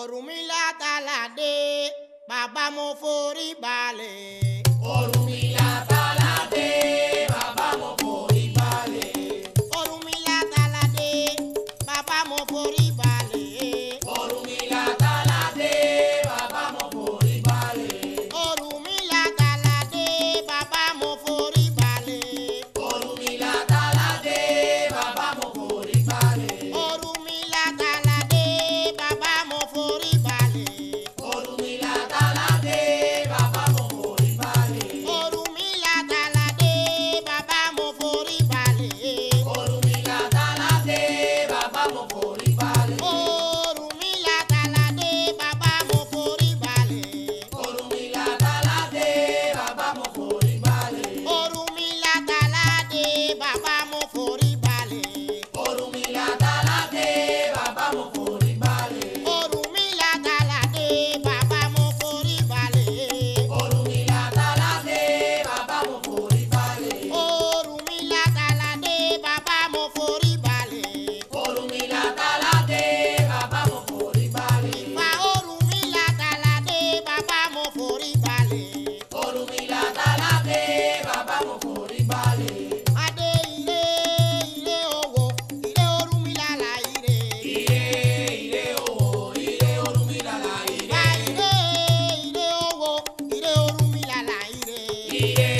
Ọ̀rúnmìlà tàlàdé bàbá mo forí balẹ̀. yeah.